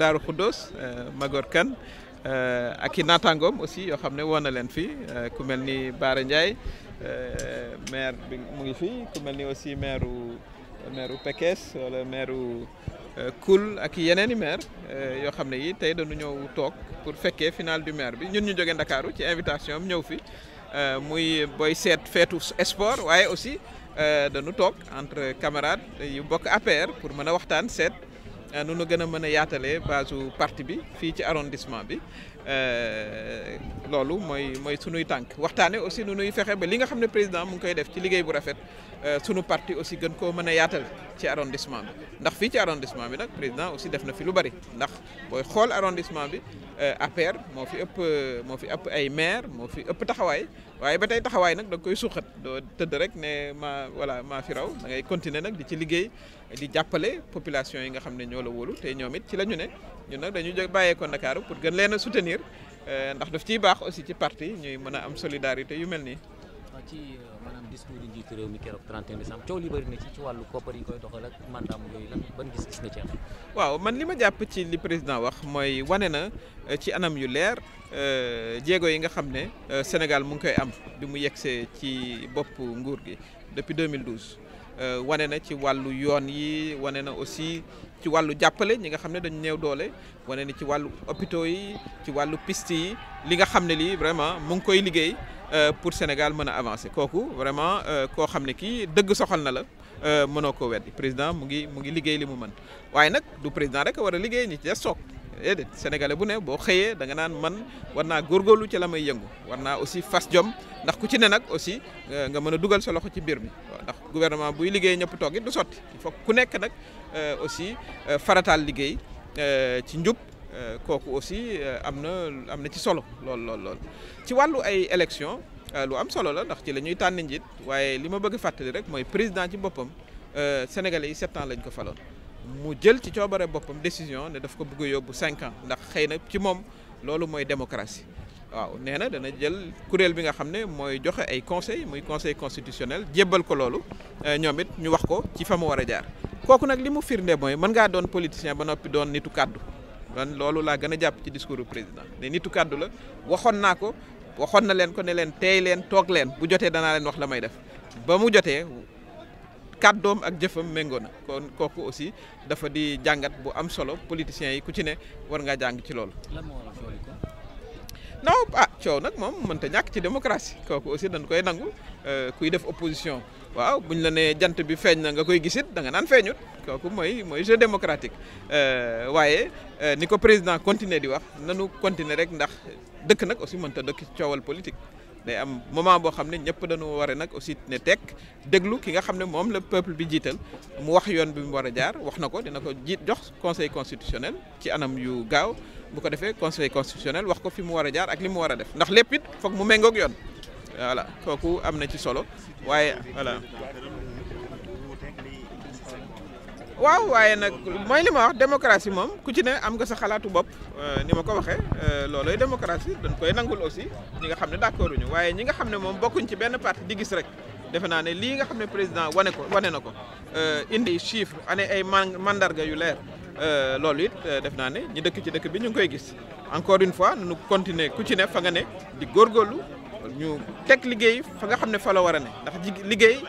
Daaru Khoudoss euh, Magor Kane euh, ak i naataangoom aussi yoo xam ne woon na leen fi euh, ku mel ni Baara Ndiaye maire bi mu fi ku mel ni aussi maire u maire u Pekes wala maire u Koul ak i yeneen i maire yoo xam ne yi tey dañu ñëw toog pour fekkee final du maire bi ñun ñu jógee Ndakaaru ci invitation am ñëw fi muy boy seet feetu sport waaye aussi danu toog entre camarades yu bokk APR pour mën a waxtaan seet Euh, nu nu gën a mën a yaatalee base su parti bi fii ci arrondissement bi euh, loolu mooy mooy sunuy tànk waxtaane aussi nu nuy fexe ba li nga xam ne président mu ngi koy def ci liggéey bu rafet euh, sunu parti aussi gën koo mën a yaatal ci arrondissement bi ndax fii ci arrondissement bi nag président aussi def na fi lu bari ndax booy xool arrondissement bi APR moo fi ëpp moo fi ëpp ay maire moo fi ëpp taxawaay waaye ba tey taxawaay nag da koy suuxat doo tëdd rek ne ma voilà maa fi raw continuer nag di ci liggéey di population yi nga xam ne ñoo ñoo la wóolu ñoom it ci la ñu ne ñun nag dañu jóg bàyyeekoo Ndakaaru pour gën leen a soutenir eh, ndax daf ciy baax aussi ci parti ñuy mën a am solidarité yu mel nii. ci euh, maanaam discours yi njiitu réew mi keroog 31 décembre coow li bëri na ci wàllu koppar koy doxal ak mandaam yooyu gis-gis nga waaw man li ma jàpp ci li président wax mooy wane na eh, ci anam yu leer eh, jéego yi nga xam ne Sénégal mu ngi koy am bi mu yegsee ci bopp nguur gi depuis 2012. Euh, wane na ci wàllu yoon yi wane na aussi ci wàllu jàppale ñi nga xam ne dañu néew doole wane na ci wàllu hôpitaux yi ci wàllu piste yi li nga xam ne lii vraiment mu ngi koy liggéey euh, pour Sénégal mën a avancer kooku vraiment euh, koo xam ne kii dëgg soxal na la mënoo koo weddi président mu ngi mu ngi liggéey li mu man waaye nag du président rek war a liggéey ñi ci des soog déedéet sénégalais bu ne boo xëyee da nga naan man war naa góorgóorlu ci la may yëngu war naa aussi fas jom ndax ku ci ne nag aussi nga mën a dugal sa loxo ci mbir mi ndax buy liggéey ñëpp toog it du sotti il ku nekk nag euh, aussi euh, farataal liggéey euh, ci njub kooku aussi am na am na ci solo lool lool lool. ci wàllu ay élection lu am solo la ndax ci la ñuy tànn njiit waaye li ma bëgg fàttali rek mooy président ci boppam sénégalais yi sept ans lañ ko faloon mu jël ci coobare boppam décision ne daf ko bëgg yóbbu cinq ans ndax xëy nag ci moom loolu mooy démocratie. waaw nee na dana jël kuréel bi nga xam ne mooy joxe ay conseil muy conseil constitutionnel jébbal ko loolu euh, ñoom it ñu wax ko ci fa mu war a jaar kooku nag li mu firnde mooy mën ngaa doon politicien ba noppi doon nitu kàddu man loolu laa gën a jàpp ci discours du président ne nitu kàddu la waxoon naa ko waxoon na leen ko ne leen teey leen toog leen bu jotee danaa leen wax la may def ba mu jotee kàddoom ak jëfam méngoo na kooku aussi dafa di jàngat bu am solo politiciens yi ku ci ne war ngaa jàng ci loolu. lan moo waral non ah coow nag moom mënta ñàkk ci démocratie kooku aussi dañ koy nangu euh, kuy def opposition waaw buñ la nee jant bi feeñ na nga koy gisit da nga naan feeñut kooku mooy mooy jeu démocratique euh, waaye euh, ni ko président continuer di wax nanu continuer rek ndax dëkk nag aussi mënta dëkk ci coowal politique day am moment boo xam ne ñëpp dañu ware a nag aussi ne tekk déglu ki nga xam ne moom la peuple bi jiital mu wax yoon bi mu war a jaar wax na ko dina ko jiit jox conseil constitutionnel ci anam yu gaaw bu ko defee conseil constitutionnel wax ko fi mu war a jaar ak li mu war a def ndax lépp it foog mu méngoog yoon voilà kooku am na ci solo waaye voilà. waaw waaye nag mooy li ma wax démocratie moom ku ci ne am nga sa xalaatu bopp euh, ni ma ko waxee euh, loolooy démocratie dañ koy nangul aussi ñi nga xam ne d'accord uñu waaye ñi nga xam ne moom bokkuñ ci benn parti di gis rek defe naa ne lii nga xam ne président wane ko wane na ko euh, indi chiffre ane ay mandarga yu leer loolu it def naa ne ñi dëkk ci dëkk bi ñu ngi koy gis encore une fois nu continuer ku ci ne fa nga ne di góorgóorlu ñu teg liggéey fa nga xam ne fa war a ne ndax liggéey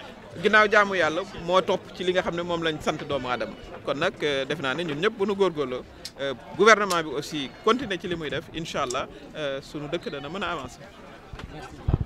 ginnaaw jaamu yàlla moo topp ci li nga xam ne moom lañ sant doomu aadama kon nag euh, def naa ne ñun ñëpp bu nu góorgóorloo euh, gouvernement bi aussi continuer ci li muy def incha allah euh, sunu dëkk dana mën a avancer.